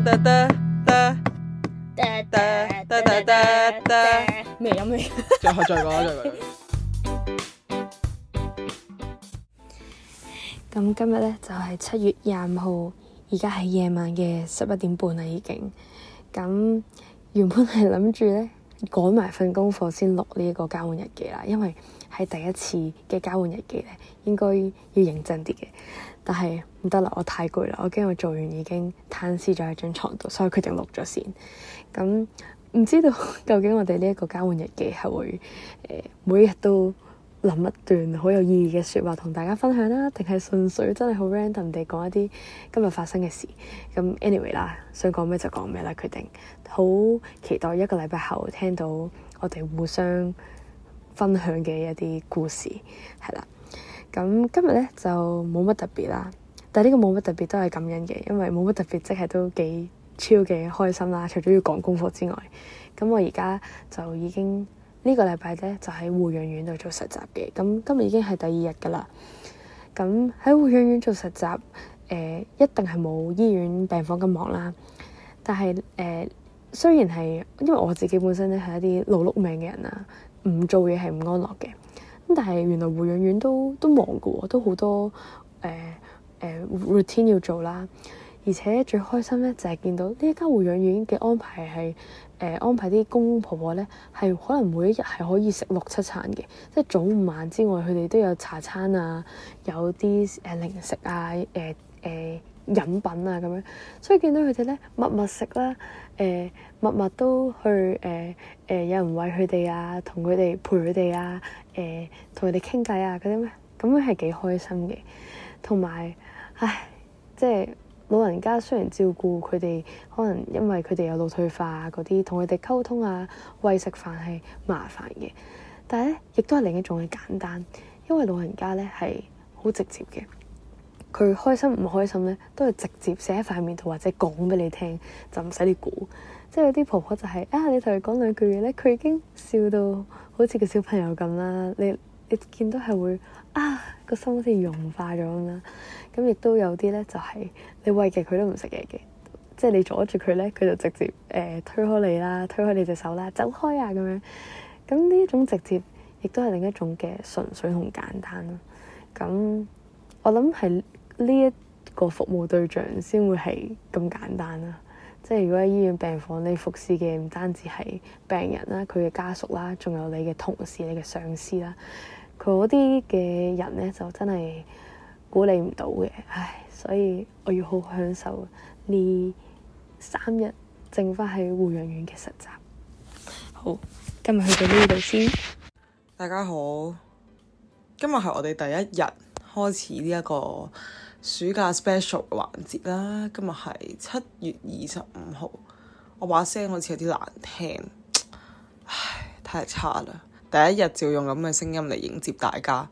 咩呀咩？再下一個，再一個。咁今日呢，就係、是、七月廿五號，而家係夜晚嘅十一點半啦，已經。咁原本係諗住呢，趕埋份功課先錄呢個交換日記啦，因為係第一次嘅交換日記呢，應該要認真啲嘅。但係，唔得啦，我太攰啦，我驚我做完已經攤屍咗喺張床度，所以決定錄咗先。咁、嗯、唔知道 究竟我哋呢一個交換日記係會誒、呃、每日都諗一段好有意義嘅說話同大家分享啦，定係純粹真係好 random 地講一啲今日發生嘅事。咁、嗯、anyway 啦，想講咩就講咩啦，決定。好期待一個禮拜後聽到我哋互相分享嘅一啲故事，係啦。咁、嗯、今日咧就冇乜特別啦。但係呢個冇乜特別，都係感恩嘅，因為冇乜特別，即係都幾超嘅開心啦。除咗要講功課之外，咁我而家就已經、這個、呢個禮拜咧就喺護養院度做實習嘅。咁今日已經係第二日㗎喇。咁喺護養院做實習，誒、呃、一定係冇醫院病房咁忙啦。但係誒、呃，雖然係因為我自己本身咧係一啲勞碌命嘅人啊，唔做嘢係唔安樂嘅咁，但係原來護養院都都忙噶，都好多誒。呃誒、呃、routine 要做啦，而且最開心咧就係、是、見到呢一間護養院嘅安排係誒、呃、安排啲公公婆婆咧係可能每一日係可以食六七餐嘅，即係早午晚之外，佢哋都有茶餐啊，有啲誒、呃、零食啊、誒、呃、誒、呃、飲品啊咁樣，所以見到佢哋咧密密食啦，誒、呃、密密都去誒誒、呃呃、有人餵佢哋啊，同佢哋陪佢哋啊，誒同佢哋傾偈啊嗰啲咩，咁樣係幾開心嘅。同埋，唉，即係老人家，雖然照顧佢哋，可能因為佢哋有腦退化嗰、啊、啲，同佢哋溝通啊、餵食飯係麻煩嘅，但係咧，亦都係另一種嘅簡單，因為老人家咧係好直接嘅，佢開心唔開心咧，都係直接寫喺塊面度，或者講俾你聽，就唔使你估。即係有啲婆婆就係、是、啊，你同佢講兩句嘢咧，佢已經笑到好似個小朋友咁啦。你你見到係會。啊，個心好似融化咗咁啦，咁亦都有啲咧，就係你餵極佢都唔食嘢嘅，即係你阻住佢咧，佢就直接誒推開你啦，推開你隻手啦，走開啊咁樣，咁呢一種直接，亦都係另一種嘅純粹同簡單啦。咁我諗係呢一個服務對象先會係咁簡單啦，即係如果喺醫院病房，你服侍嘅唔單止係病人啦，佢嘅家屬啦，仲有你嘅同事、你嘅上司啦。佢嗰啲嘅人咧，就真係鼓勵唔到嘅，唉！所以我要好好享受呢三日剩返喺護養院嘅實習。好，今日去到呢度先。大家好，今日係我哋第一日開始呢一個暑假 special 嘅環節啦。今日係七月二十五號，我把聲好似有啲難聽，唉，太差啦！第一日照用咁嘅聲音嚟迎接大家，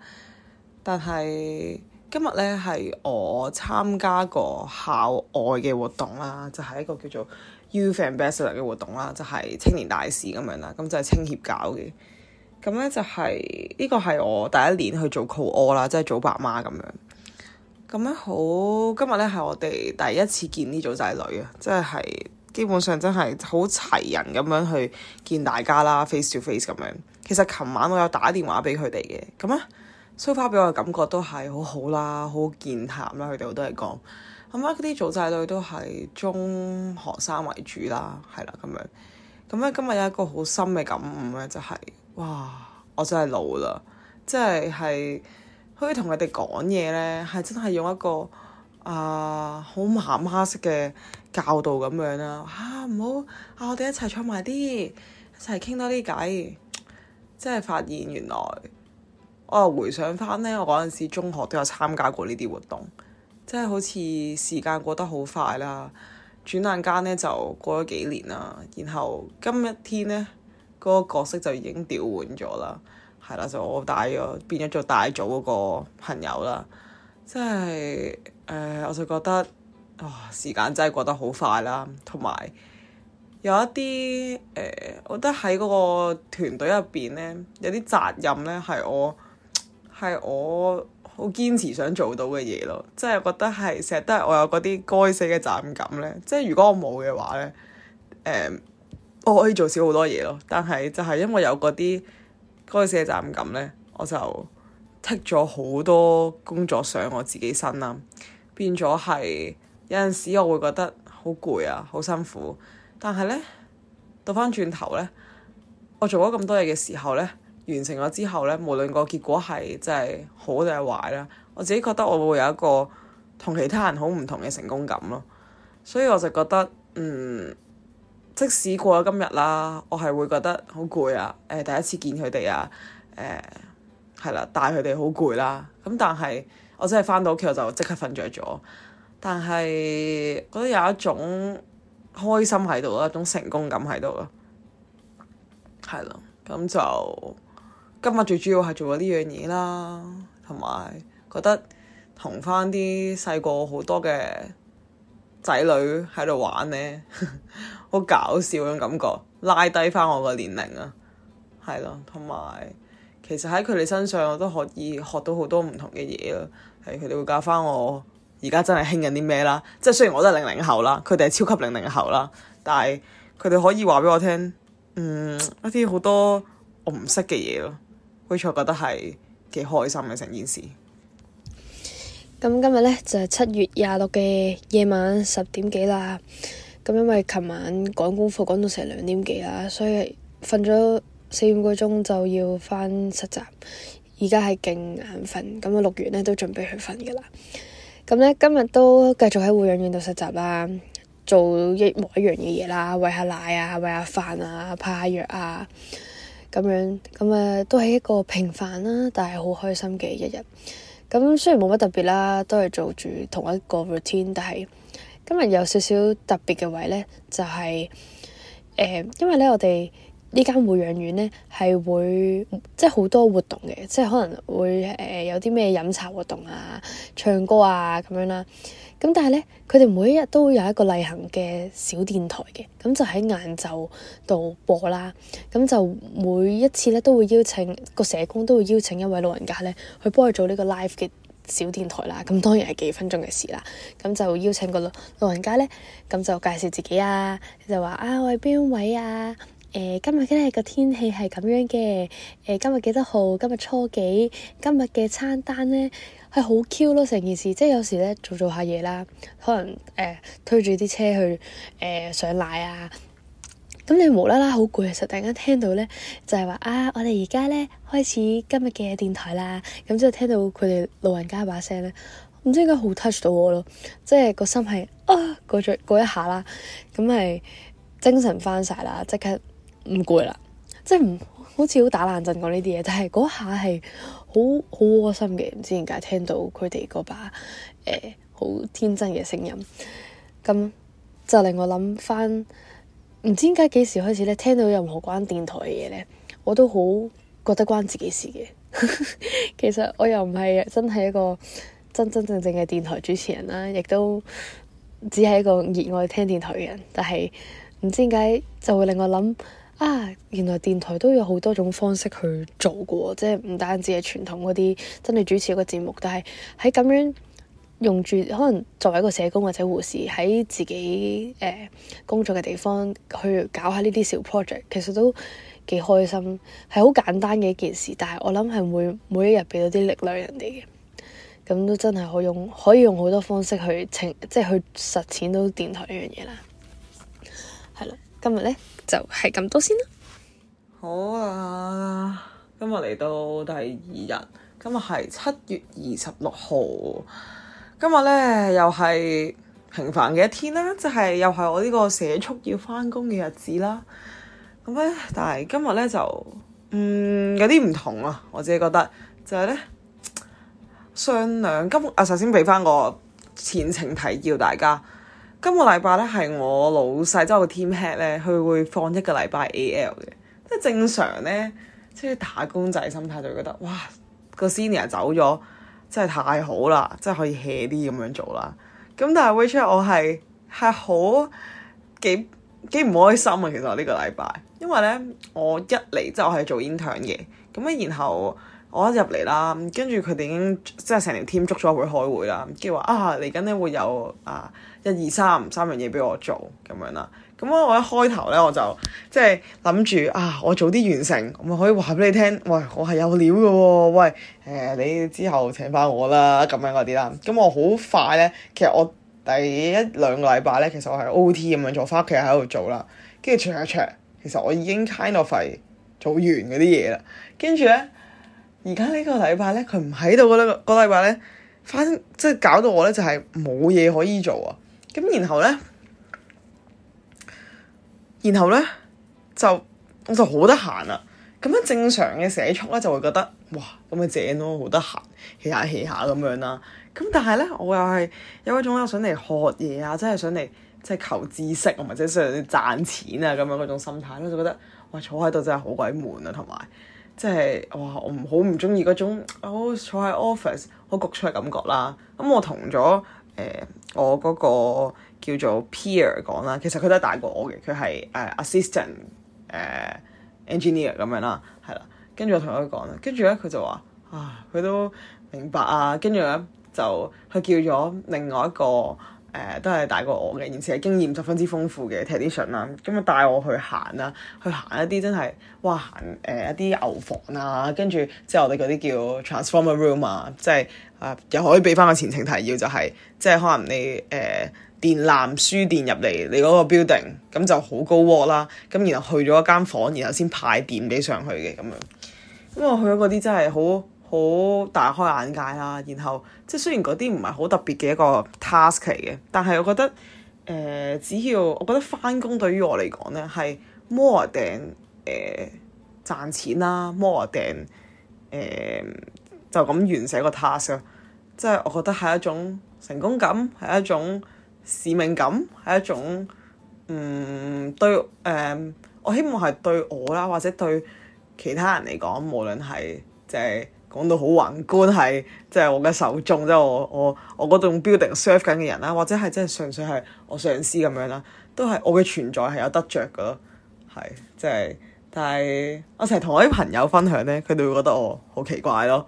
但係今日咧係我參加個校外嘅活動啦，就係、是、一個叫做 Youth Ambassador 嘅活動啦，就係、是、青年大使咁樣啦。咁、嗯、就係、是、青協搞嘅。咁、嗯、咧就係呢個係我第一年去做 Call All 啦，op, 即係做爸媽咁樣。咁、嗯、樣好，今日咧係我哋第一次見呢組仔女啊，即係基本上真係好齊人咁樣去見大家啦 ，face to face 咁樣。其實琴晚我有打電話俾佢哋嘅咁咧，蘇花俾我嘅感覺都係好好啦，好健談啦。佢哋好多係講咁咧，啲組仔女都係中學生為主啦，係啦咁樣咁咧。今日有一個好深嘅感悟咧，就係、是、哇，我真係老啦，即係係可以同佢哋講嘢咧，係真係用一個啊好、呃、媽媽式嘅教導咁樣啦啊，唔好啊，我哋一齊坐埋啲，一齊傾多啲偈。即係發現原來，我又回想翻呢，我嗰陣時中學都有參加過呢啲活動，即係好似時間過得好快啦，轉眼間呢就過咗幾年啦。然後今日天呢嗰、嗰個角色就已經調換咗啦，係啦，就我大咗，變咗做大組嗰個朋友啦。即係、呃、我就覺得哇、哦，時間真係過得好快啦，同埋。有一啲誒、呃，我覺得喺嗰個團隊入邊咧，有啲責任咧係我係我好堅持想做到嘅嘢咯。即係覺得係成日都係我有嗰啲該死嘅責任感咧。即係如果我冇嘅話咧，誒、呃、我可以做少好多嘢咯。但係就係因為有嗰啲該死嘅責任感咧，我就剔咗好多工作上我自己身啦，變咗係有陣時我會覺得好攰啊，好辛苦。但係咧，倒翻轉頭咧，我做咗咁多嘢嘅時候咧，完成咗之後咧，無論個結果係真係好定係壞啦，我自己覺得我會有一個同其他人好唔同嘅成功感咯。所以我就覺得，嗯，即使過咗今日啦，我係會覺得好攰啊。誒、呃，第一次見佢哋啊，誒、呃，係啦，帶佢哋好攰啦。咁但係，我真係翻到屋企我就即刻瞓着咗。但係，覺得有一種。開心喺度啦，一種成功感喺度咯，係咯，咁就今日最主要係做咗呢樣嘢啦，同埋覺得同翻啲細個好多嘅仔女喺度玩呢，好 搞笑種感覺，拉低翻我個年齡啊，係咯，同埋其實喺佢哋身上，我都可以學到好多唔同嘅嘢咯，係佢哋會教翻我。而家真係興緊啲咩啦？即係雖然我都係零零後啦，佢哋係超級零零後啦，但係佢哋可以話俾我聽，嗯，一啲好多我唔識嘅嘢咯，好似我覺得係幾開心嘅成件事。咁、嗯、今呢、就係、日咧就係七月廿六嘅夜晚十點幾啦。咁、嗯、因為琴晚趕功課趕到成兩點幾啦，所以瞓咗四五個鐘就要翻實習。而家係勁眼瞓，咁啊錄完咧都準備去瞓噶啦。咁咧今日都繼續喺護養院度實習啦，做一模一樣嘅嘢啦，餵下奶啊，餵下飯啊，拍下藥啊，咁樣咁誒，都係一個平凡啦，但係好開心嘅一日。咁雖然冇乜特別啦，都係做住同一個 routine，但係今日有少少特別嘅位咧，就係、是、誒、呃，因為咧我哋。呢間護養院呢，係會即係好多活動嘅，即係可能會誒、呃、有啲咩飲茶活動啊、唱歌啊咁樣啦。咁但係呢，佢哋每一日都會有一個例行嘅小電台嘅，咁就喺晏晝度播啦。咁就每一次呢，都會邀請個社工都會邀請一位老人家呢，去幫佢做呢個 live 嘅小電台啦。咁當然係幾分鐘嘅事啦。咁就邀請個老，老人家呢，咁就介紹自己啊，就話啊我係邊位啊。誒，今日今日嘅天氣係咁樣嘅。誒，今日幾多號？今日今初幾？今日嘅餐單咧係好 Q 咯，成件事即係有時咧做著做下嘢啦，可能誒、呃、推住啲車去誒上、呃、奶啊。咁你無啦啦好攰，其實突然間聽到咧就係、是、話啊，我哋而家咧開始今日嘅電台啦。咁之後聽到佢哋老人家把聲咧，唔知點解好 touch 到我咯，即係個心係啊過咗過一下啦，咁係精神翻晒啦，即刻～唔攰啦，即係唔好似好打冷震講呢啲嘢，但係嗰下係好好窩心嘅。唔知點解聽到佢哋嗰把誒好、呃、天真嘅聲音，咁、嗯、就令我諗翻，唔知點解幾時開始咧，聽到任何關電台嘅嘢咧，我都好覺得關自己的事嘅。 其實我又唔係真係一個真真正正嘅電台主持人啦，亦都只係一個熱愛聽電台嘅人，但係唔知點解就會令我諗。啊！原來電台都有好多種方式去做過，即係唔單止係傳統嗰啲真係主持一個節目，但係喺咁樣用住可能作為一個社工或者護士，喺自己誒、呃、工作嘅地方去搞下呢啲小 project，其實都幾開心，係好簡單嘅一件事。但係我諗係每每一日俾到啲力量人哋嘅，咁都真係可以用可以用好多方式去，即係去實踐到電台呢樣嘢啦。係啦，今日咧。就係咁多先啦。好啊，今日嚟到第二日，今日係七月二十六號。今日咧又係平凡嘅一天啦，就係、是、又係我呢個社畜要翻工嘅日子啦。咁咧，但係今日咧就，嗯，有啲唔同啊。我自己覺得就係、是、咧，上兩今啊，首先俾翻個前情提要大家。今個禮拜咧係我老細，即係我 team head 咧，佢會放一個禮拜 AL 嘅。即係正常咧，即係打工仔心態就會覺得哇，個 senior 走咗，真係太好啦，即係可以 hea 啲咁樣做啦。咁但係 which 我係係好幾幾唔開心啊。其實我呢個禮拜，因為咧我一嚟即係我係做 intern 嘅。咁咧，然後我一入嚟啦，跟住佢哋已經即係成條 team 捉咗去開會啦，跟住話啊嚟緊咧會有啊。一二三三樣嘢俾我做咁樣啦，咁我一開頭咧我就即係諗住啊，我早啲完成，我咪可以話俾你聽，喂，我係有料嘅喎、哦，喂，誒、呃，你之後請翻我啦，咁樣嗰啲啦，咁我好快咧，其實我第一兩個禮拜咧，其實我係 OT 咁樣做，翻屋企喺度做啦，跟住 check 一 check 其實我已經 kind of 係做完嗰啲嘢啦，跟住咧，而家呢個禮拜咧，佢唔喺度嗰咧，個禮拜咧，反正即係搞到我咧就係冇嘢可以做啊！咁然後咧，然後咧就我就好得閒啦。咁樣正常嘅社畜咧就會覺得哇，咁咪正咯，好得閒，hea 下 hea 下咁樣啦。咁但係咧，我又係有一種想嚟學嘢啊，即係想嚟即係求知識，或者想賺錢啊咁樣嗰種心態咧，我就覺得哇，坐喺度真係好鬼悶啊，同埋即係哇，我唔好唔中意嗰種好坐喺 office 好焗促嘅感覺啦。咁我同咗誒、呃我嗰個叫做 peer 講啦，其實佢都係大過我嘅，佢係誒 assistant 誒、uh, engineer 咁樣啦，係啦。跟住我同佢講啦，跟住咧佢就話啊，佢都明白啊。跟住咧就佢叫咗另外一個誒、呃，都係大過我嘅，而且係經驗十分之豐富嘅 technician 啦。咁啊、嗯、帶我去行啦，去行一啲真係哇行誒、呃、一啲牛房啊，跟住即係我哋嗰啲叫 transformer room 啊，即係。啊，又可以俾翻個前情提要，就是，就係即係可能你誒、呃、電纜輸電入嚟你嗰個 building，咁就好高 volt 啦。咁然後去咗一間房，然後先派電俾上去嘅咁樣。咁、嗯、我去咗嗰啲真係好好大開眼界啦。然後即係雖然嗰啲唔係好特別嘅一個 task 嚟嘅，但係我覺得誒、呃，只要我覺得返工對於我嚟講咧係 more than 誒賺錢啦、啊、more than 誒、呃。就咁完成一個 task 咯，即係我覺得係一種成功感，係一種使命感，係一種嗯對誒、嗯，我希望係對我啦，或者對其他人嚟講，無論係即係講到好宏觀，係即係我嘅手中，即係我我我嗰種 building serve 緊嘅人啦，或者係即係純粹係我上司咁樣啦，都係我嘅存在係有得着㗎咯，係即係。但係我成日同我啲朋友分享呢，佢哋會覺得我好奇怪咯。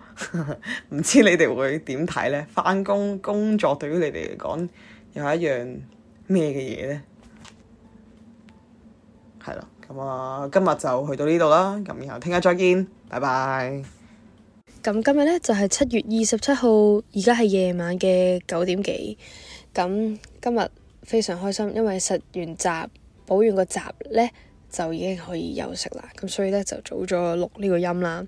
唔知你哋會點睇呢？返工工作對於你哋嚟講又係一樣咩嘅嘢呢？係啦，咁、嗯、啊、嗯，今日就去到呢度啦，咁、嗯、然後聽日再見，拜拜。咁今日呢，就係、是、七月二十七號，而家係夜晚嘅九點幾。咁今日非常開心，因為實完習補完個習呢。就已經可以休息啦，咁所以咧就早咗錄呢個音啦。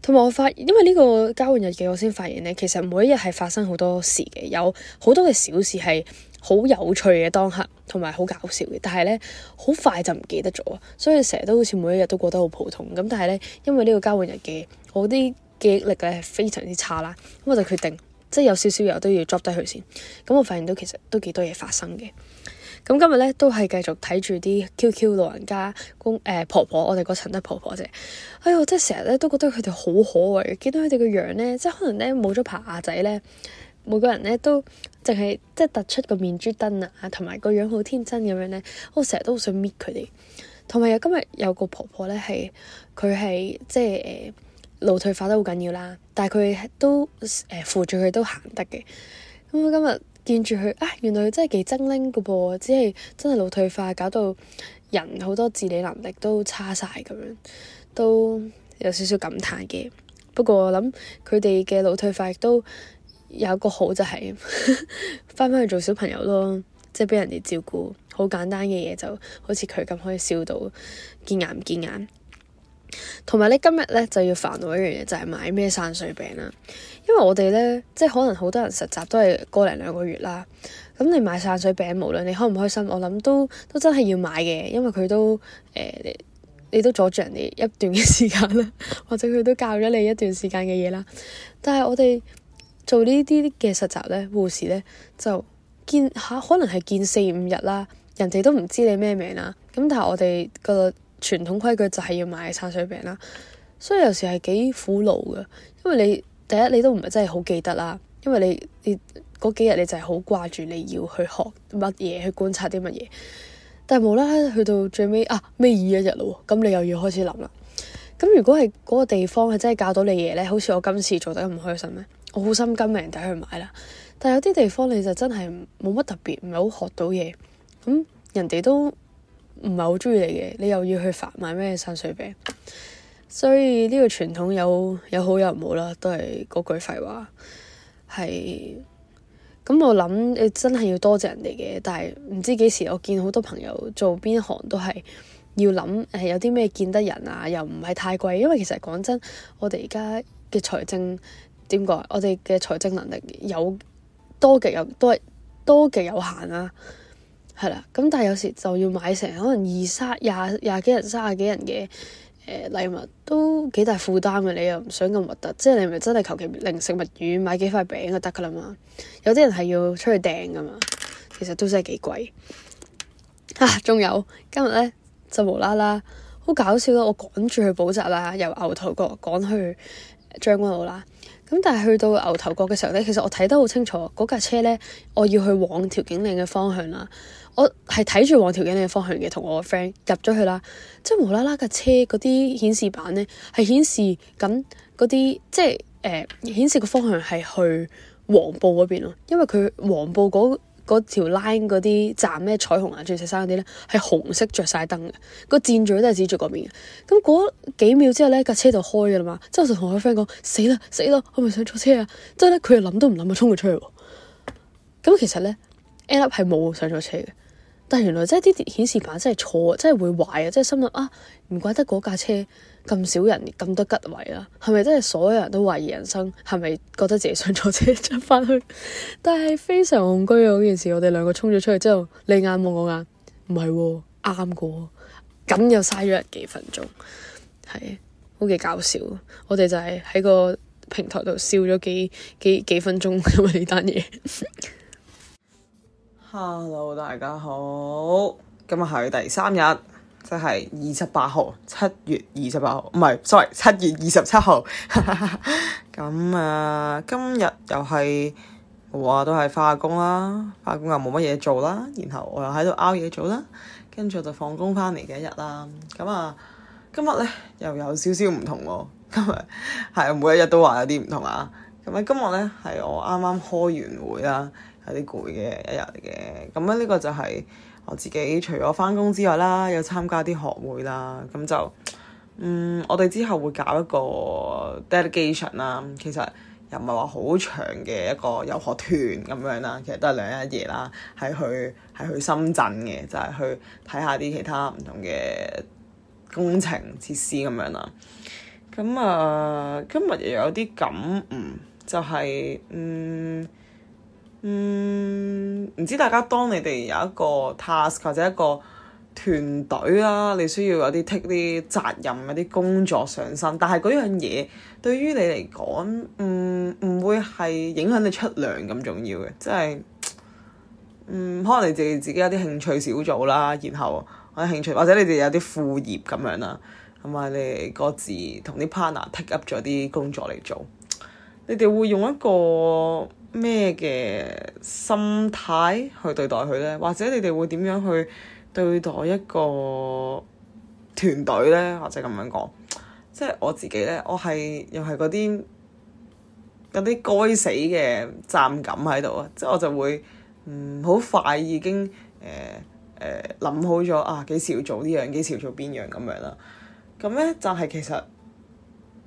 同埋我發現，因為呢個交換日記，我先發現咧，其實每一日係發生好多事嘅，有好多嘅小事係好有趣嘅當刻，同埋好搞笑嘅。但係咧，好快就唔記得咗，所以成日都好似每一日都過得好普通咁。但係咧，因為呢個交換日記，我啲記憶力咧係非常之差啦，咁我就決定即係有少少嘢都要抓低佢先。咁我發現到其實都幾多嘢發生嘅。咁今日咧都係繼續睇住啲 QQ 老人家公誒、呃、婆婆，我哋嗰層嘅婆婆啫。哎呀，我真係成日咧都覺得佢哋好可愛，見到佢哋個樣咧，即係可能咧冇咗棚牙仔咧，每個人咧都淨係即係突出個面珠墩啊，同埋個樣好天真咁樣咧，我成日都好想搣佢哋。同埋又今日有個婆婆咧係佢係即係誒腦退化得好緊要啦，但係佢都誒、呃、扶住佢都行得嘅。咁、嗯、今日。見住佢啊，原來佢真係幾精靈嘅噃，只係真係腦退化，搞到人好多自理能力都差晒。咁樣，都有少少感嘆嘅。不過我諗佢哋嘅腦退化亦都有個好，就係翻返去做小朋友咯，即係俾人哋照顧，好簡單嘅嘢就好似佢咁可以笑到見牙唔見眼。同埋你今日咧就要煩惱一樣嘢，就係、是、買咩散水餅啦。因為我哋咧，即係可能好多人實習都係個零兩個月啦。咁你買散水餅，無論你開唔開心，我諗都都真係要買嘅，因為佢都誒、呃，你都阻住人哋一段嘅時間啦，或者佢都教咗你一段時間嘅嘢啦。但係我哋做呢啲嘅實習咧，護士咧就見吓，可能係見四五日啦，人哋都唔知你咩名啦。咁但係我哋個傳統規矩就係要買散水餅啦，所以有時係幾苦惱噶，因為你。第一，你都唔係真係好記得啦，因為你你嗰幾日你就係好掛住你要去學乜嘢，去觀察啲乜嘢。但係無啦啦去到最尾啊，尾二一日啦，咁你又要開始諗啦。咁如果係嗰個地方係真係教到你嘢咧，好似我今次做得咁開心咧，我好心跟命人哋去買啦。但係有啲地方你就真係冇乜特別，唔係好學到嘢。咁人哋都唔係好中意你嘅，你又要去煩買咩散水餅？所以呢、這個傳統有有好有唔好啦，都係嗰句廢話係。咁我諗，你真係要多謝人哋嘅，但係唔知幾時我見好多朋友做邊行都係要諗誒、呃，有啲咩見得人啊，又唔係太貴，因為其實講真，我哋而家嘅財政點講？我哋嘅財政能力有多極有多多，多極有限啊，係啦。咁但係有時就要買成可能二三、廿廿幾人，卅幾人嘅。誒、呃、禮物都幾大負擔嘅，你又唔想咁核突，即係你咪真係求其零食物語買幾塊餅就得㗎啦嘛。有啲人係要出去訂㗎嘛，其實都真係幾貴。啊，仲有今日咧就無啦啦好搞笑咯！我趕住去補習啦，由牛頭角趕去將軍澳啦。咁但係去到牛頭角嘅時候咧，其實我睇得好清楚嗰架車咧，我要去往調景嶺嘅方向啦。我係睇住往條景嘅方向嘅，同我個 friend 入咗去啦，即係無啦啦架車嗰啲顯示板咧，係顯示緊嗰啲即係誒、呃、顯示嘅方向係去黃埔嗰邊咯，因為佢黃埔嗰條 line 嗰啲站咩彩虹啊、鑽石山嗰啲咧係紅色着晒燈嘅，個箭嘴都係指住嗰邊嘅。咁嗰幾秒之後咧，架車就開嘅啦嘛，之後就同我個 friend 講，死啦死啦，我咪想坐車啊！之後咧佢又諗都唔諗啊，衝咗出去喎。咁其實咧，Alup 係冇上咗車嘅。但係原來即係啲顯示板真係錯，真係會壞啊！真係心諗啊，唔怪得嗰架車咁少人，咁多吉位啦，係咪真係所有人都懷疑人生？係咪覺得自己想坐車出翻去？但係非常恐懼啊！嗰件事，我哋兩個衝咗出去之後，你眼望我眼，唔係、哦，啱過，咁又嘥咗人幾分鐘，係好幾搞笑。我哋就係喺個平台度笑咗幾幾幾，幾分鐘，因為呢單嘢。 hello，大家好，今日係第三日，即係二十八號，七月二十八號，唔係，sorry，七月二十七號。咁啊，今日又係，我話都係翻工啦，翻工又冇乜嘢做啦，然後我又喺度拗嘢做啦，跟住就放工翻嚟嘅一日啦。咁啊，今日咧又有少少唔同咯，今日係每一日都話有啲唔同啊。咁啊，今日咧係我啱啱開完會啦。有啲攰嘅一日嚟嘅，咁樣呢個就係我自己除咗翻工之外啦，有參加啲學會啦，咁就嗯，我哋之後會搞一個 delegation 啦，其實又唔係話好長嘅一個遊學團咁樣啦，其實都係兩日一夜啦，係去係去深圳嘅，就係、是、去睇下啲其他唔同嘅工程設施咁樣啦。咁啊，今日又有啲感悟，就係、是、嗯。嗯，唔知大家當你哋有一個 task 或者一個團隊啦，你需要有啲 take 啲責任、有啲工作上身，但係嗰樣嘢對於你嚟講，唔、嗯、唔會係影響你出糧咁重要嘅，即係，嗯，可能你哋自，自己有啲興趣小組啦，然後有興趣或者你哋有啲副業咁樣啦，同、啊、埋你各自同啲 partner take up 咗啲工作嚟做，你哋會用一個咩嘅心態去對待佢呢？或者你哋會點樣去對待一個團隊呢？或者咁樣講，即係我自己呢，我係又係嗰啲嗰啲該死嘅站感喺度啊！即係我就會唔、嗯、好快已經誒誒諗好咗啊，幾時要做呢樣，幾時要做邊樣咁樣啦，咁呢，就係、是、其實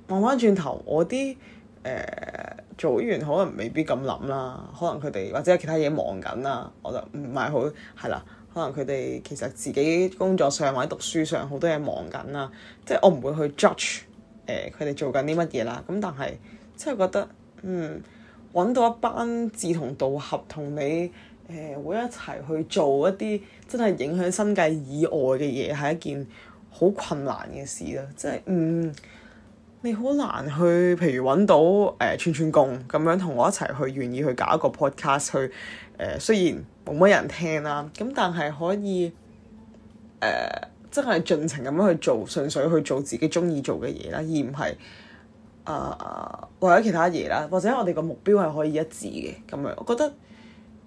慢慢轉頭我啲誒。呃做完可能未必咁諗啦，可能佢哋或者有其他嘢忙緊啦，我就唔係好係啦。可能佢哋其實自己工作上或者讀書上好多嘢忙緊啦，即係我唔會去 judge 呃、佢哋做緊啲乜嘢啦。咁但係即係覺得嗯，揾到一班志同道合同你誒、呃、會一齊去做一啲真係影響生計以外嘅嘢係一件好困難嘅事啦，即係嗯。你好難去，譬如揾到誒、呃、串串工咁樣同我一齊去，願意去搞一個 podcast 去誒、呃。雖然冇乜人聽啦，咁但係可以誒、呃，真係盡情咁樣去做，純粹去做自己中意做嘅嘢啦，而唔係啊或者其他嘢啦。或者我哋個目標係可以一致嘅咁樣，我覺得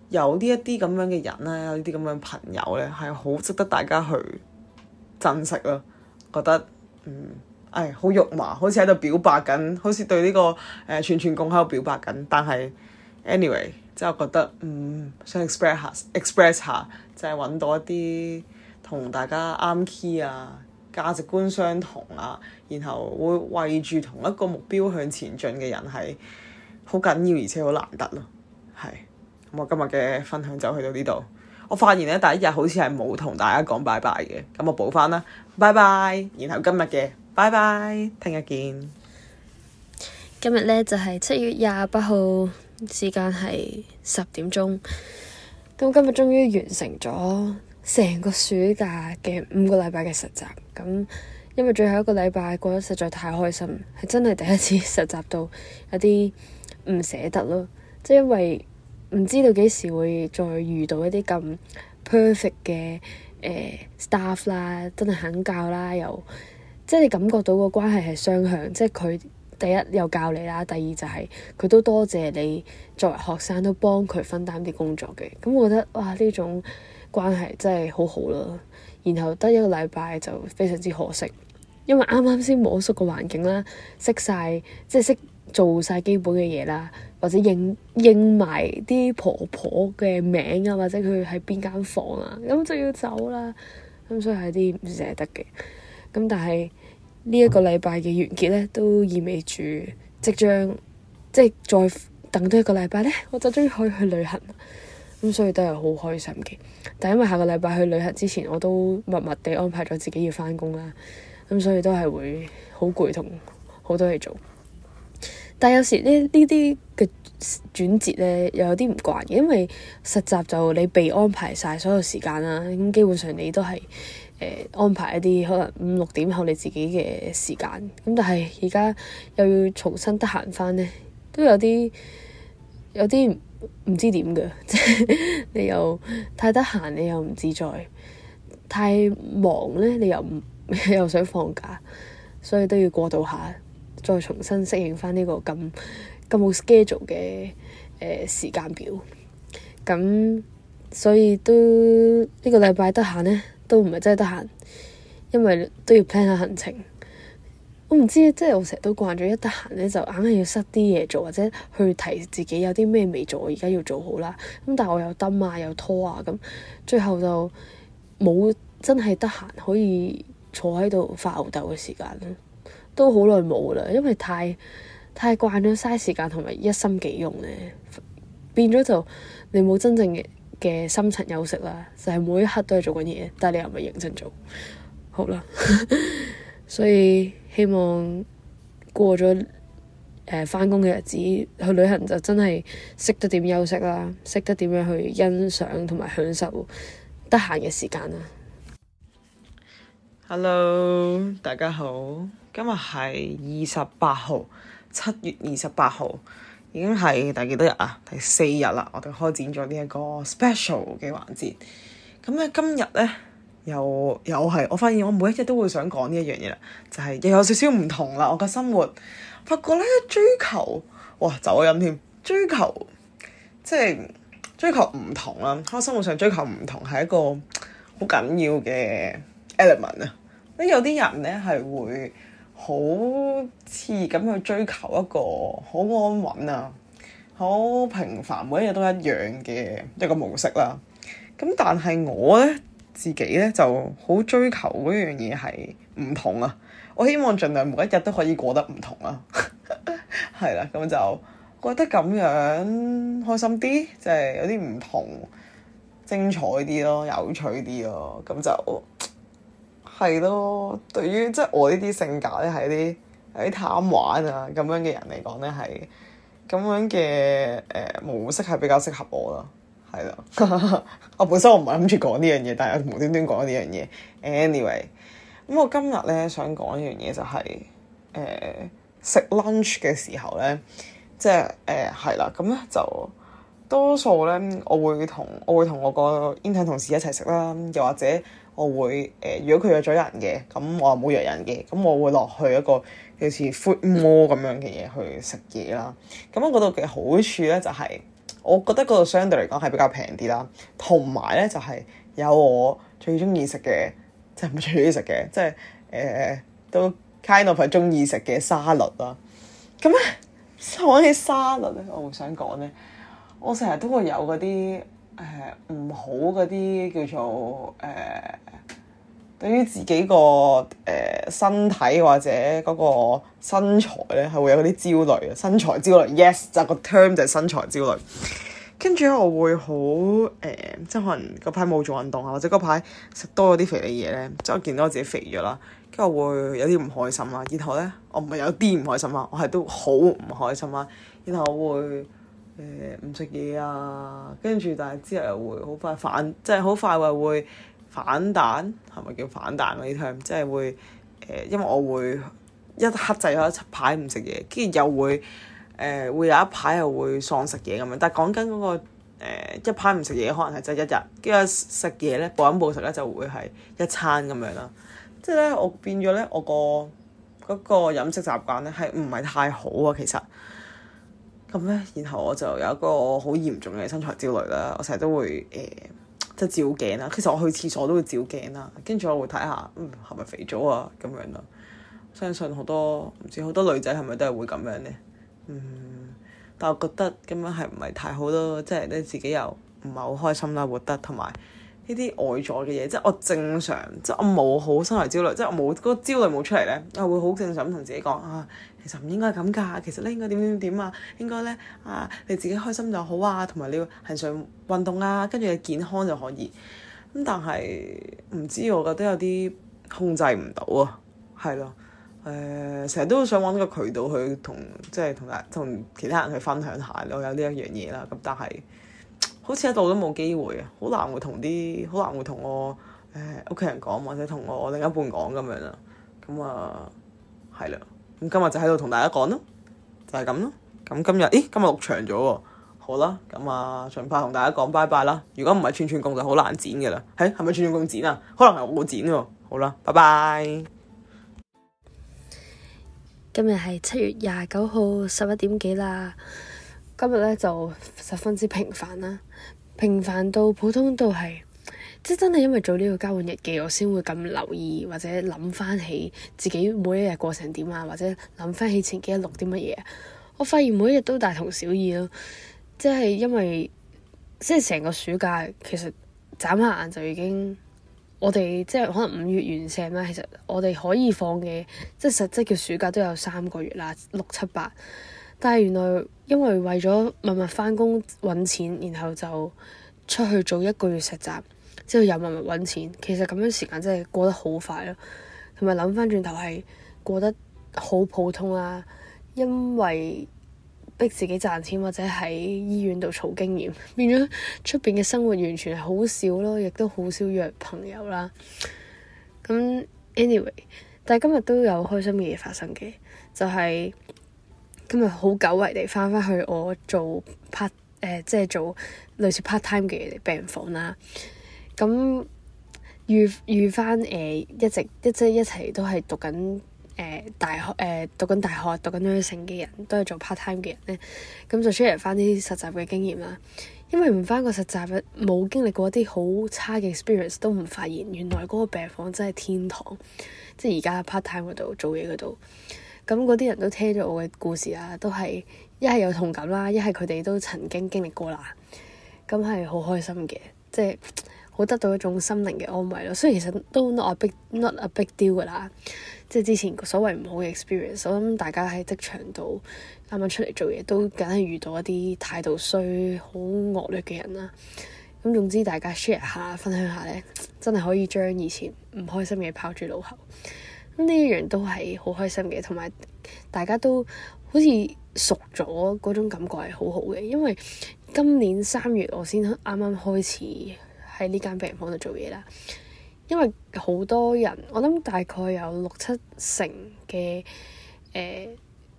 有呢一啲咁樣嘅人咧，呢啲咁樣朋友咧係好值得大家去珍惜咯。覺得嗯。唉，好肉麻，好似喺度表白緊，好似對呢個誒串串工喺度表白緊。但係 anyway，即係我覺得嗯想 express 下，express 下，即係揾到一啲同大家啱 key 啊，價值觀相同啊，然後會為住同一個目標向前進嘅人係好緊要，而且好難得咯。係咁，我今日嘅分享就去到呢度。我發現咧第一日好似係冇同大家講拜拜嘅，咁我補翻啦，拜拜。然後今日嘅。拜拜，聽日見。今日咧就係、是、七月廿八號，時間係十點鐘。咁今日終於完成咗成個暑假嘅五個禮拜嘅實習。咁因為最後一個禮拜過得實在太開心，係真係第一次實習到有一啲唔捨得咯。即、就、係、是、因為唔知道幾時會再遇到一啲咁 perfect 嘅誒、呃、staff 啦，真係肯教啦又。即係你感覺到個關係係雙向，即係佢第一又教你啦，第二就係、是、佢都多謝你作為學生都幫佢分擔啲工作嘅。咁我覺得哇，呢種關係真係好好囉。然後得一個禮拜就非常之可惜，因為啱啱先摸熟個環境啦，識晒，即係識做晒基本嘅嘢啦，或者認認埋啲婆婆嘅名啊，或者佢喺邊間房啊，咁就要走啦。咁所以係啲唔捨得嘅。咁但係。呢一個禮拜嘅完結咧，都意味住即將即再等多一個禮拜咧，我就終於可以去旅行啦，咁、嗯、所以都係好開心嘅。但因為下個禮拜去旅行之前，我都密密地安排咗自己要返工啦，咁、嗯、所以都係會好攰同好多嘢做。但有時呢呢啲嘅。轉折咧又有啲唔慣，因為實習就你被安排晒所有時間啦，咁基本上你都係誒、呃、安排一啲可能五六點後你自己嘅時間，咁但係而家又要重新得閒翻咧，都有啲有啲唔知點嘅，即 你又太得閒你又唔自在，太忙咧你又唔， 又想放假，所以都要過渡下，再重新適應翻呢個咁。咁冇 schedule 嘅誒時間表，咁所以都呢個禮拜得閒呢，都唔係真係得閒，因為都要 plan 下行程。我唔知，即係我成日都慣咗，一得閒咧就硬係要塞啲嘢做，或者去提自己有啲咩未做，而家要做好啦。咁但係我又登啊，又拖啊，咁最後就冇真係得閒可以坐喺度發吽哣嘅時間，都好耐冇啦，因為太～太慣咗嘥時間同埋一心幾用咧，變咗就你冇真正嘅嘅心情休息啦，就係每一刻都係做緊嘢，但係你又唔係認真做，好啦。 所以希望過咗誒返工嘅日子，去旅行就真係識得點休息啦，識得點樣去欣賞同埋享受得閒嘅時間啦。Hello，大家好，今日係二十八號。七月二十八號已經係第幾多日啊？第四日啦，我哋開展咗呢一個 special 嘅環節。咁咧今日咧又又係，我發現我每一日都會想講呢一樣嘢啦，就係、是、又有少少唔同啦。我嘅生活發覺咧，追求哇走音添，追求即係追求唔同啦。我生活上追求唔同係一個好緊要嘅 element 啊！咧有啲人咧係會。好似熱咁去追求一個好安穩啊，好平凡，每一日都一樣嘅一個模式啦，啊。咁但係我呢，自己呢就好追求嗰樣嘢係唔同啊！我希望盡量每一日都可以過得唔同啊。係 啦，咁就覺得咁樣開心啲，即、就、係、是、有啲唔同，精彩啲咯，有趣啲咯，咁就～係咯，對於即係我呢啲性格咧，係啲喺啲貪玩啊咁樣嘅人嚟講咧，係咁樣嘅誒、呃、模式係比較適合我啦。係啦， 我本身我唔係諗住講呢樣嘢，但係我無端端講呢樣嘢。Anyway，咁我今日咧想講一樣嘢就係誒食 lunch 嘅時候咧，即係誒係啦，咁、呃、咧就。多數咧，我會同我會同我個 intern 同事一齊食啦。又或者我會誒、呃，如果佢約咗人嘅，咁我又冇約人嘅，咁我會落去一個類似 footmo 咁樣嘅嘢去食嘢啦。咁我嗰度嘅好處咧，就係、是、我覺得嗰度相對嚟講係比較平啲啦。同埋咧，就係、是、有我最中意食嘅，即係唔係最中意食嘅，即係誒、呃、都 kind of 中意食嘅沙律啦。咁咧講起沙律咧，我好想講咧。我成日都會有嗰啲誒唔好嗰啲叫做誒、呃，對於自己個誒、呃、身體或者嗰個身材咧，係會有嗰啲焦慮啊，身材焦慮。Yes，就個 term 就係身材焦慮。跟住咧，我會好誒、呃，即係可能嗰排冇做運動啊，或者嗰排食多咗啲肥膩嘢咧，即係我見到我自己肥咗啦，跟住我會有啲唔開心啦。然後咧，我唔係有啲唔開心啊，我係都好唔開心啊。然後我會。誒唔食嘢啊，跟住但係之後又會好快反，即係好快會會反彈，係咪叫反彈、啊？我啲 term 即係會誒、呃，因為我會一刻制咗一排唔食嘢，跟住又會誒、呃、會有一排又會喪食嘢咁樣。但係講緊嗰個、呃、一排唔食嘢，可能係就一日，跟住食嘢咧，暴飲暴食咧就會係一餐咁樣啦。即係咧，我變咗咧，我個嗰個飲食習慣咧係唔係太好啊？其實。咁咧，然後我就有一個好嚴重嘅身材焦慮啦。我成日都會誒、欸，即係照鏡啦。其實我去廁所都會照鏡啦，跟住我會睇下，嗯，係咪肥咗啊？咁樣咯。相信好多唔知好多女仔係咪都係會咁樣呢。嗯，但係我覺得咁樣係唔係太好咯？即係咧自己又唔係好開心啦，活得同埋呢啲外在嘅嘢。即係我正常，即係我冇好身材焦慮，即我冇嗰、嗰個焦慮冇出嚟呢。我會好正常咁同自己講啊。其實唔應該咁㗎，其實咧應該點點點啊，應該咧啊，你自己開心就好啊，同埋你要行上運動啊，跟住健康就可以。咁但係唔知我覺得有啲控制唔到啊，係咯，誒，成日都想揾個渠道去同即係同人同其他人去分享下我有呢一樣嘢啦。咁但係好似一度都冇機會啊，好難會同啲好難會同我誒屋企人講，或者同我另一半講咁樣啦。咁啊，係、呃、啦。咁今日就喺度同大家講咯，就係咁咯。咁今日，咦，今日錄長咗喎。好啦，咁、嗯、啊，盡快同大家講拜拜啦。如果唔係串串貢就好難剪噶啦。係、欸、咪串串貢剪啊？可能係我冇剪喎。好啦，拜拜。今日係七月廿九號十一點幾啦。今日咧就十分之平凡啦，平凡到普通到係。即真係因為做呢個交換日記，我先會咁留意或者諗翻起自己每一日過成點啊，或者諗翻起前幾日錄啲乜嘢。我發現每一日都大同小異咯，即係因為即係成個暑假其實眨下眼就已經我哋即係可能五月完成啦。其實我哋可以放嘅即係實際嘅暑假都有三個月啦，六七八。但係原來因為為咗默默翻工揾錢，然後就出去做一個月實習。之後又入入揾錢，其實咁樣時間真係過得好快咯，同埋諗翻轉頭係過得好普通啦，啊，因為逼自己賺錢或者喺醫院度儲經驗，變咗出邊嘅生活完全係好少咯，亦都好少約朋友啦。咁 anyway，但係今日都有開心嘅嘢發生嘅，就係、是、今日好久違地翻返去我做 part 誒、呃，即係做類似 part time 嘅病房啦。咁遇遇翻誒一直一即一齊都係讀緊誒、呃、大學誒、呃、讀緊大學讀緊 nursing 嘅人，都係做 part time 嘅人咧，咁就 share 翻啲實習嘅經驗啦。因為唔翻過實習冇經歷過啲好差嘅 experience，都唔發現原來嗰個病房真係天堂。即係而家 part time 嗰度做嘢嗰度，咁嗰啲人都聽咗我嘅故事啦，都係一係有同感啦，一係佢哋都曾經經歷過啦，咁係好開心嘅，即係。會得到一種心靈嘅安慰咯，所以其實都 not a big not a big deal 噶啦，即係之前所謂唔好嘅 experience。我諗大家喺職場度啱啱出嚟做嘢，都梗係遇到一啲態度衰、好惡劣嘅人啦。咁總之大家 share 下、分享下咧，真係可以將以前唔開心嘅拋住腦後，呢一樣都係好開心嘅，同埋大家都好似熟咗嗰種感覺係好好嘅，因為今年三月我先啱啱開始。喺呢間病房度做嘢啦，因為好多人，我諗大概有六七成嘅誒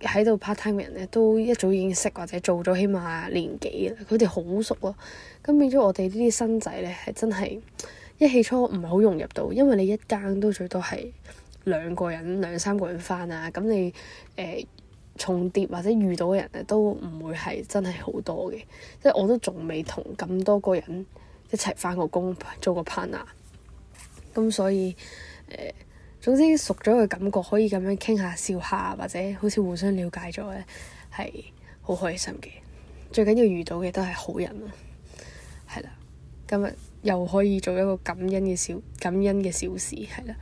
喺度 part time 嘅人咧，都一早已經識或者做咗起碼年幾啦。佢哋好熟咯，咁變咗我哋呢啲新仔咧，係真係一起初唔係好融入到，因為你一間都最多係兩個人、兩三個人返啊，咁你誒、呃、重疊或者遇到嘅人咧，都唔會係真係好多嘅。即係我都仲未同咁多個人。一齊翻個工做個 partner，咁所以誒、呃，總之熟咗嘅感覺可以咁樣傾下笑下，或者好似互相了解咗咧，係好開心嘅。最緊要遇到嘅都係好人啊，係啦。今日又可以做一個感恩嘅小感恩嘅小事，係啦。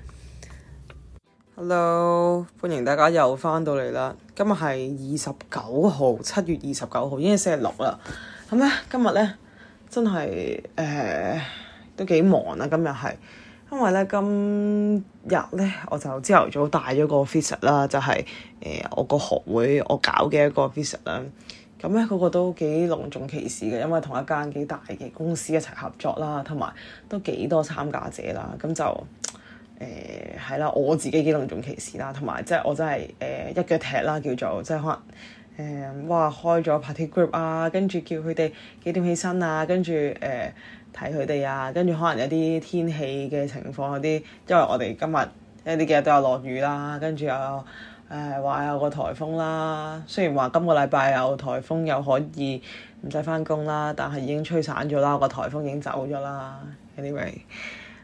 Hello，歡迎大家又翻到嚟啦。今日係二十九號，七月二十九號已經係星期六啦。咁、嗯、咧，今日咧。真係誒、呃、都幾忙啦、啊，今日係，因為咧今日咧我就朝頭早帶咗個 visit 啦、就係，就係誒我個學會我搞嘅一個 visit 啦、嗯。咁咧嗰個都幾隆重其事嘅，因為同一間幾大嘅公司一齊合作啦，同埋都幾多參加者啦。咁、嗯、就誒係啦，我自己幾隆重其事啦，同埋即係我真係誒、呃、一腳踢啦，叫做即係可能。誒、嗯，哇！開咗 party group 啊，跟住叫佢哋幾點起身啊，跟住誒睇佢哋啊，跟住可能有啲天氣嘅情況嗰啲，因為我哋今日呢幾日都有落雨啦，跟住又誒話、呃、有個颱風啦，雖然話今個禮拜有颱風又可以唔使翻工啦，但係已經吹散咗啦，個颱風已經走咗啦，anyway。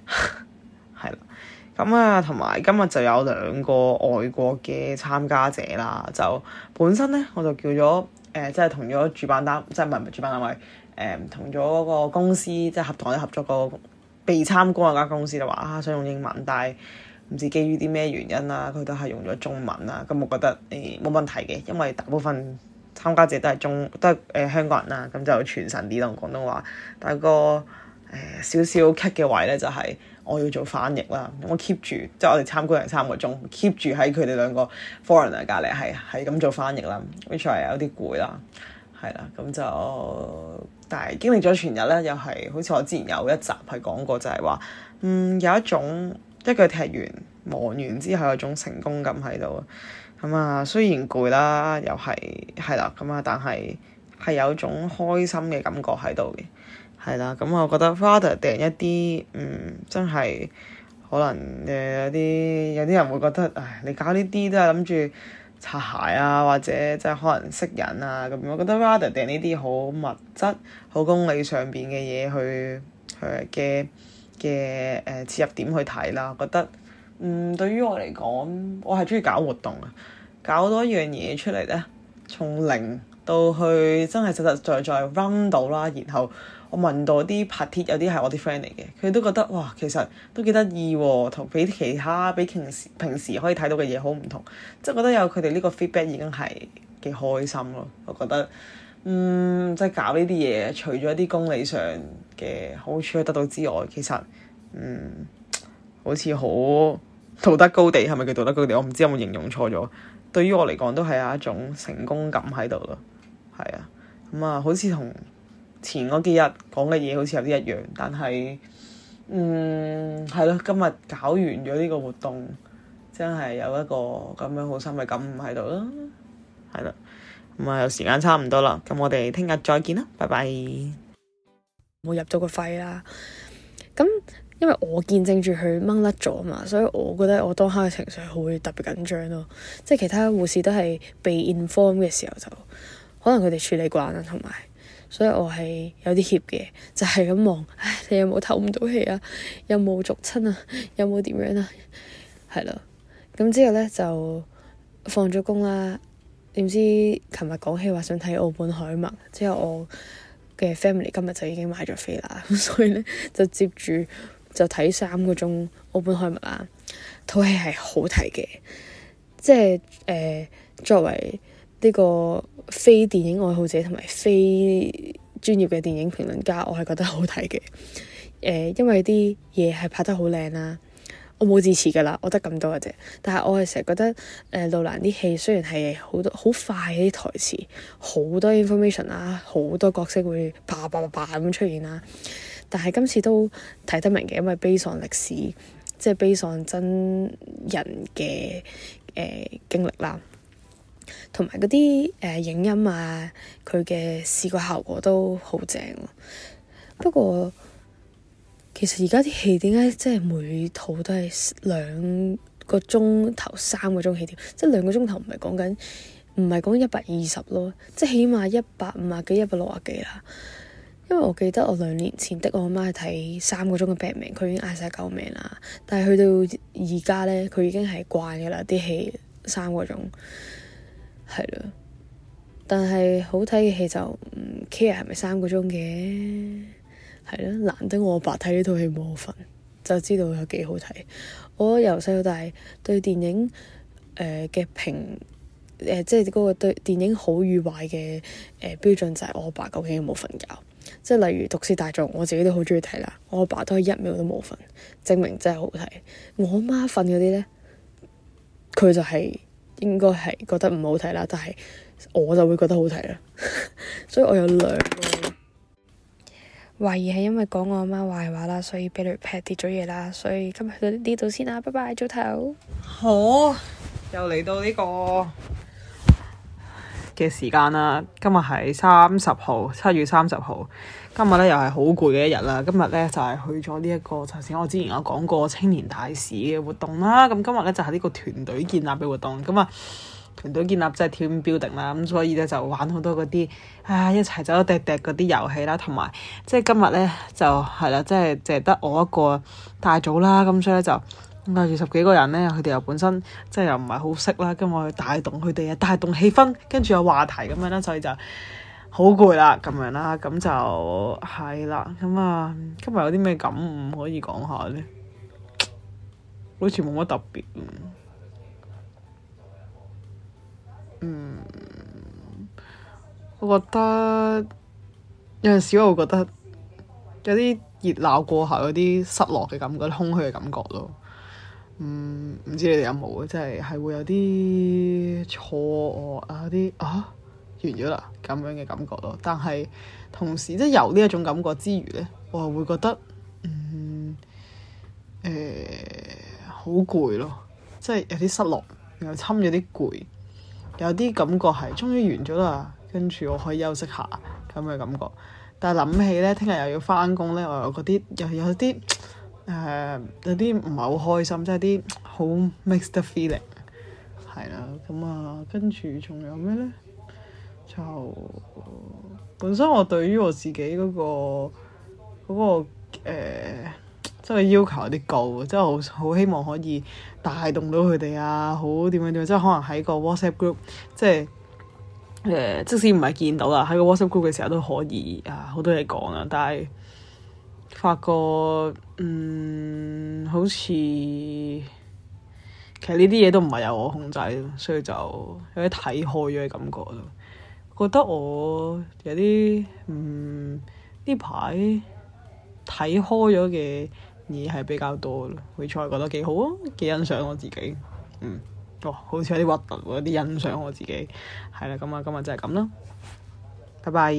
咁啊，同埋、嗯、今日就有兩個外國嘅參加者啦。就本身咧，我就叫咗誒、呃，即係同咗主辦單，即係唔係主辦單位誒、呃，同咗嗰個公司，即係合同有合作個被參觀嗰間公司，就話啊，想用英文，但係唔知基於啲咩原因啦，佢都係用咗中文啦。咁我覺得誒冇、呃、問題嘅，因為大部分參加者都係中，都係誒香港人啦。咁就傳神啲當、嗯、廣東話，但係個誒少少 cut 嘅位咧就係、是。我要做翻譯啦，我 keep 住，即係我哋參觀人三個鐘，keep 住喺佢哋兩個 foreigner 隔籬，係係咁做翻譯啦。Which 係有啲攰啦，係啦，咁就，但係經歷咗全日咧，又係好似我之前有一集係講過，就係、是、話，嗯，有一種一腳踢完、忙完之後，有一種成功感喺度。咁、嗯、啊，雖然攰啦，又係係啦，咁啊，但係係有種開心嘅感覺喺度嘅。係啦，咁我覺得 rather than 一啲，嗯，真係可能誒有啲有啲人會覺得，唉，你搞呢啲都係諗住擦鞋啊，或者即係可能識人啊咁。我覺得 rather than 呢啲好物質、好功利上邊嘅嘢去去嘅嘅誒切入點去睇啦。覺得嗯，對於我嚟講，我係中意搞活動啊，搞多一樣嘢出嚟咧，從零到去真係實實在在 run 到啦，然後～然後我問到啲拍貼，有啲係我啲 friend 嚟嘅，佢都覺得哇，其實都幾得意喎，同比其他比平時平時可以睇到嘅嘢好唔同，即係覺得有佢哋呢個 feedback 已經係幾開心咯。我覺得，嗯，即係搞呢啲嘢，除咗啲功利上嘅好處可以得到之外，其實，嗯，好似好道德高地，係咪叫道德高地？我唔知有冇形容錯咗。對於我嚟講，都係有一種成功感喺度咯。係啊，咁啊，好似同。前嗰幾日講嘅嘢好似有啲一樣，但係嗯，係咯，今日搞完咗呢個活動，真係有一個咁樣好心嘅感悟喺度啦。係啦，咁啊有時間差唔多啦，咁我哋聽日再見啦，拜拜。冇入到個肺啦。咁因為我見證住佢掹甩咗啊嘛，所以我覺得我當刻嘅情緒係會特別緊張咯。即係其他護士都係被 inform 嘅時候就，就可能佢哋處理慣啦，同埋。所以我係有啲怯嘅，就係咁望，唉，你有冇唞唔到氣啊？有冇足親啊？有冇點樣啊？係咯，咁之後咧就放咗工啦。點知琴日講起話想睇澳本海默，之後我嘅 family 今日就已經買咗飛啦，所以咧就接住就睇三個鐘澳本海默啦。套戲係好睇嘅，即係誒、呃，作為。呢個非電影愛好者同埋非專業嘅電影評論家，我係覺得好睇嘅。誒，因為啲嘢係拍得好靚啦，我冇字詞㗎啦，我得咁多嘅啫。但係我係成日覺得，誒，路蘭啲戲雖然係好多好快啲台詞，好多 information 啦，好多角色會啪啪啪咁出現啦。但係今次都睇得明嘅，因為悲愴歷史，即係悲愴真人嘅誒經歷啦。同埋嗰啲，誒，影音啊，佢嘅視覺效果都好正啊。不過其實而家啲戲點解即係每套都係兩個鐘頭、三個鐘起跳？即係兩個鐘頭唔係講緊，唔係講一百二十咯，即係起碼一百五啊幾、一百六啊幾啦。因為我記得我兩年前的我阿媽係睇三個鐘嘅《Batman》，佢已經嗌晒救命啦。但係去到而家咧，佢已經係慣噶啦，啲戲三個鐘。係咯，但係好睇嘅戲就唔 care，係咪三個鐘嘅，係咯，難得我阿爸睇呢套戲冇瞓，就知道有幾好睇。我由細到大對電影誒嘅評誒，即係嗰個對電影好與壞嘅誒標準就係我阿爸究竟有冇瞓覺，即係例如《毒舌大狀》，我自己都好中意睇啦，我阿爸都係一秒都冇瞓，證明真係好睇。我阿媽瞓嗰啲咧，佢就係、是。應該係覺得唔好睇啦，但係我就會覺得好睇啦， 所以我有兩個懷疑係因為講我阿媽壞話啦，所以俾佢劈跌咗嘢啦，所以今日去到呢度先啦，拜拜，早唞。好，又嚟到呢個嘅時間啦，今日係三十號，七月三十號。今日呢又係好攰嘅一日啦，今日咧就係、是、去咗呢一個，就係我之前有講過青年大使嘅活動啦。咁、嗯、今日咧就係、是、呢個團隊建立嘅活動，咁啊團隊建立即係 team building 啦。咁、嗯、所以咧就玩好多嗰啲啊一齊走一趯趯嗰啲遊戲啦，同埋即係今日咧就係啦，即係淨係得我一個大組啦。咁、嗯、所以咧就帶住十幾個人咧，佢哋又本身即係又唔係好識啦，咁我去帶動佢哋啊，帶動氣氛，跟住有話題咁樣啦，所以就。好攰啦，咁樣啦，咁就係啦，咁啊，今日有啲咩感悟可以講下呢？好似冇乜特別，嗯，我覺得有陣時我會覺得有啲熱鬧過後有啲失落嘅感覺，空虛嘅感覺咯。嗯，唔知你哋有冇？即係係會有啲錯愕啊啲啊？完咗啦，咁樣嘅感覺咯。但係同時，即係有呢一種感覺之餘呢，我又會覺得，嗯，誒、欸，好攰咯，即係有啲失落，又侵咗啲攰，有啲感覺係終於完咗啦，跟住我可以休息下咁嘅感覺。但係諗起呢，聽日又要翻工呢，我又覺得又有啲，誒，有啲唔係好開心，即係啲好 mixed feeling。係啦，咁啊，跟住仲有咩呢？就本身我對於我自己嗰個嗰個，呃，即係要求有啲高即係我好希望可以帶動到佢哋啊，好點樣點樣，即係可能喺個 WhatsApp group，即係誒、呃，即使唔係見到啊，喺個 WhatsApp group 嘅時候都可以啊，好多嘢講啊。但係發覺嗯，好似其實呢啲嘢都唔係由我控制所以就有啲睇開咗嘅感覺咯。覺得我有啲嗯呢排睇開咗嘅嘢係比較多咯，會再覺得幾好啊，幾欣賞我自己，嗯，哇、哦，好似有啲核突喎，有啲欣賞我自己，係啦，咁啊，今日就係咁啦，拜拜。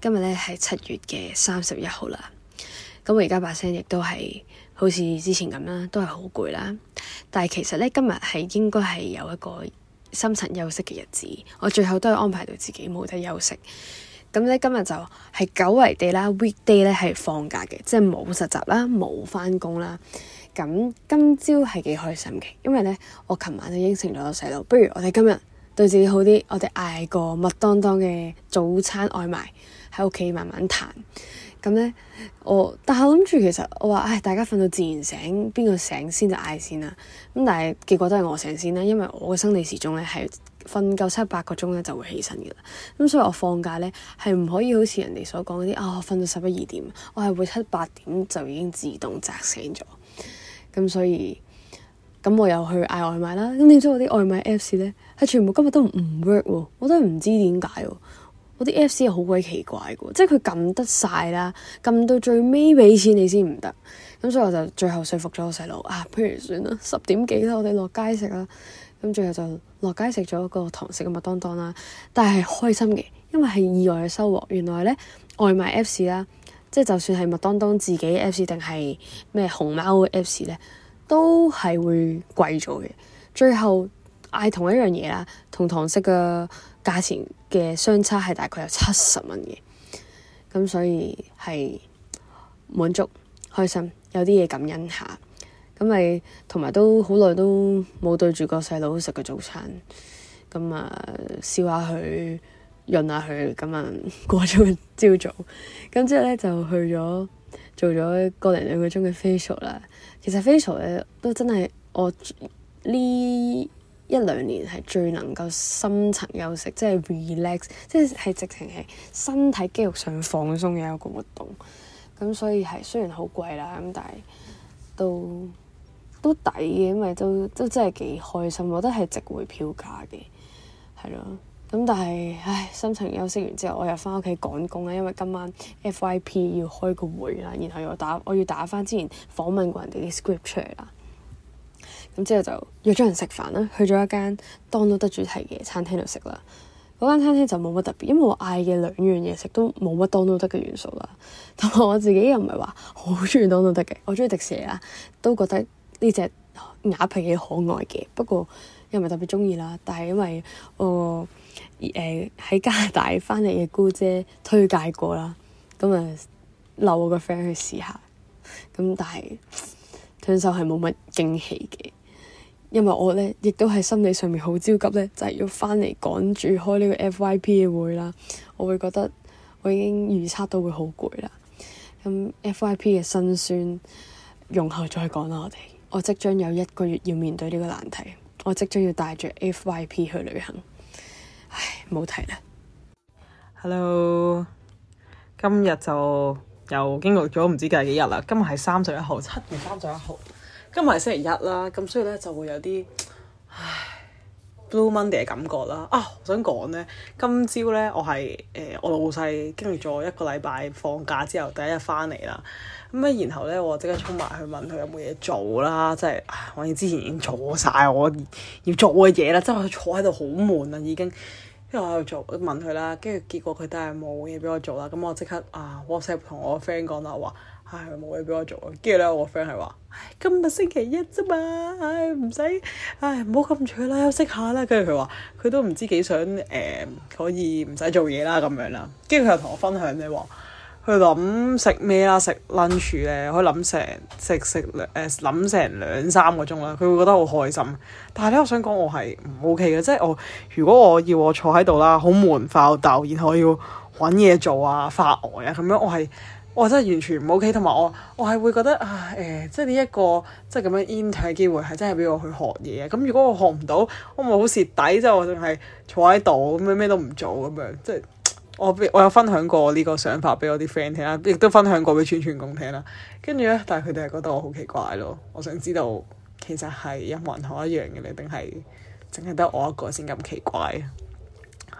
今日咧係七月嘅三十一號啦，咁我而家把聲亦都係好似之前咁啦，都係好攰啦，但係其實咧今日係應該係有一個深層休息嘅日子，我最後都係安排到自己冇得休息。咁咧今日就係久違地啦，weekday 咧係放假嘅，即係冇實習啦，冇翻工啦。咁今朝係幾開心嘅，因為咧我琴晚就應承咗我細路，不如我哋今日對自己好啲，我哋嗌個麥當當嘅早餐外賣喺屋企慢慢彈。咁咧、嗯，我但係諗住其實我話，唉，大家瞓到自然醒，邊個醒先就嗌先啦。咁但係結果都係我醒先啦，因為我嘅生理時鐘咧係瞓夠七八個鐘咧就會起身嘅啦。咁、嗯、所以我放假咧係唔可以好似人哋所講嗰啲，啊、哦，瞓到十一二點，我係會七八點就已經自動扎醒咗。咁、嗯、所以，咁、嗯、我又去嗌外賣啦。咁、嗯、點知我啲外賣 apps 咧，係全部今日都唔 work，我都唔知點解。我啲 F.C. 好鬼奇怪嘅，即係佢撳得晒啦，撳到最尾俾錢你先唔得，咁所以我就最後説服咗我細佬啊，不如算啦，十點幾啦，我哋落街食啦，咁最後就落街食咗個堂食嘅麥當當啦，但係開心嘅，因為係意外嘅收穫。原來咧，外賣 F.C. 啦，即係就算係麥當當自己 F.C. 定係咩紅貓嘅 F.C. 咧，都係會貴咗嘅。最後嗌同一樣嘢啦，同堂食嘅價錢。嘅相差係大概有七十蚊嘅，咁所以係滿足開心，有啲嘢，感恩下，咁咪同埋都好耐都冇對住個細佬食個早餐，咁啊笑下佢，潤下佢，今日過咗朝早，咁之後咧就去咗做咗個零兩個鐘嘅 facial 啦。其實 facial 咧都真係我呢一兩年係最能夠深層休息，即係 relax，即係係直情係身體肌肉上放鬆嘅一個活動。咁所以係雖然好貴啦，咁但係都都抵嘅，因為都都真係幾開心，我覺得係值回票價嘅。係咯，咁但係唉，深層休息完之後，我又翻屋企趕工啦，因為今晚 FYP 要開個會啦，然後又打，我要打翻之前訪問過人哋啲 script 出嚟啦。咁之後就約咗人食飯啦，去咗一間 Donald Duck 主題嘅餐廳度食啦。嗰間餐廳就冇乜特別，因為我嗌嘅兩樣嘢食都冇乜 Donald Duck 嘅元素啦。同埋我自己又唔係話好中意 Donald Duck 嘅，我中意迪士尼啦，都覺得呢隻鴨皮幾可愛嘅。不過又唔係特別中意啦。但係因為我誒喺加拿大返嚟嘅姑姐推介過啦，咁啊留我個 friend 去試下。咁但係聽首係冇乜驚喜嘅。因為我咧，亦都係心理上面好焦急咧，就係要翻嚟趕住開呢個 FYP 嘅會啦。我會覺得我已經預測到會好攰啦。咁 FYP 嘅辛酸，容後再講啦，我哋。我即將有一個月要面對呢個難題，我即將要帶住 FYP 去旅行。唉，冇提啦。Hello，今日就又經歷咗唔知隔幾日啦。今日係三十一號，七月三十一號。今日係星期一啦，咁所以咧就會有啲唉 Blue Monday 嘅感覺啦。啊，我想講咧，今朝咧我係誒、呃、我老細經歷咗一個禮拜放假之後第一日翻嚟啦。咁咧然後咧我即刻沖埋去問佢有冇嘢做啦，即係反我之前已經做晒我，我要做嘅嘢啦，即係坐喺度好悶啊已經。因為我喺度做問佢啦，跟住結果佢都係冇嘢俾我做啦。咁我即刻啊 WhatsApp 同我 friend 講啦我話。唉，冇嘢俾我做啊！跟住咧，我個 friend 係話：今日星期一啫嘛，唉，唔使，唉，唔好咁攰啦，休息下啦。跟住佢話，佢都唔知幾想誒、呃，可以唔使做嘢啦咁樣啦。跟住佢又同我分享你咧，佢諗食咩啦？食 lunch 咧，佢諗成食食兩誒諗成兩三個鐘啦，佢會覺得好開心。但係咧，我想講我係唔 OK 嘅，即、就、係、是、我如果我要我坐喺度啦，好悶、發抖、呃，然後要揾嘢做啊、發呆啊咁樣，我係。我真係完全唔 OK，同埋我我係會覺得啊誒、欸，即係呢一個即係咁樣 intern 嘅機會係真係俾我去學嘢。咁如果我學唔到，我咪好蝕底。就係我仲係坐喺度，咩咩都唔做咁樣。即係我我有分享過呢個想法俾我啲 friend 聽啦，亦都分享過俾串串公聽啦。跟住咧，但係佢哋係覺得我好奇怪咯。我想知道其實係一模一樣嘅咧，定係淨係得我一個先咁奇怪？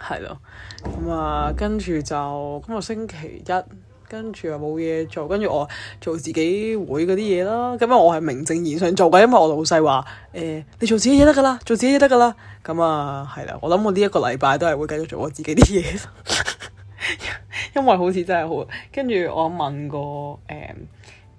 係咯咁啊，跟住就今日、嗰個、星期一。跟住又冇嘢做，跟住我做自己會嗰啲嘢啦。咁我係名正言順做嘅，因為我老細話，誒、呃，你做自己嘢得噶啦，做自己嘢得噶啦。咁啊係啦，我諗我呢一個禮拜都係會繼續做我自己啲嘢， 因為好似真係好。跟住我問過，誒、嗯，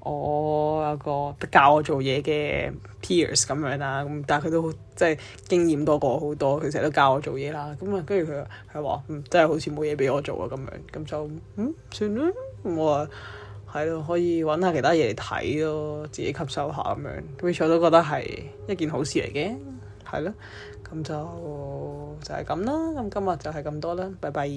我有個教我做嘢嘅 peers 咁樣啦，咁、嗯、但係佢都即係經驗多過好多，佢成日都教我做嘢啦。咁、嗯、啊，跟住佢係話，嗯，真係好似冇嘢畀我做啊，咁樣，咁就嗯，算啦。我話係咯，可以揾下其他嘢嚟睇咯，自己吸收下咁樣，咁所以都覺得係一件好事嚟嘅，係咯，咁就就係咁啦，咁今日就係咁多啦，拜拜。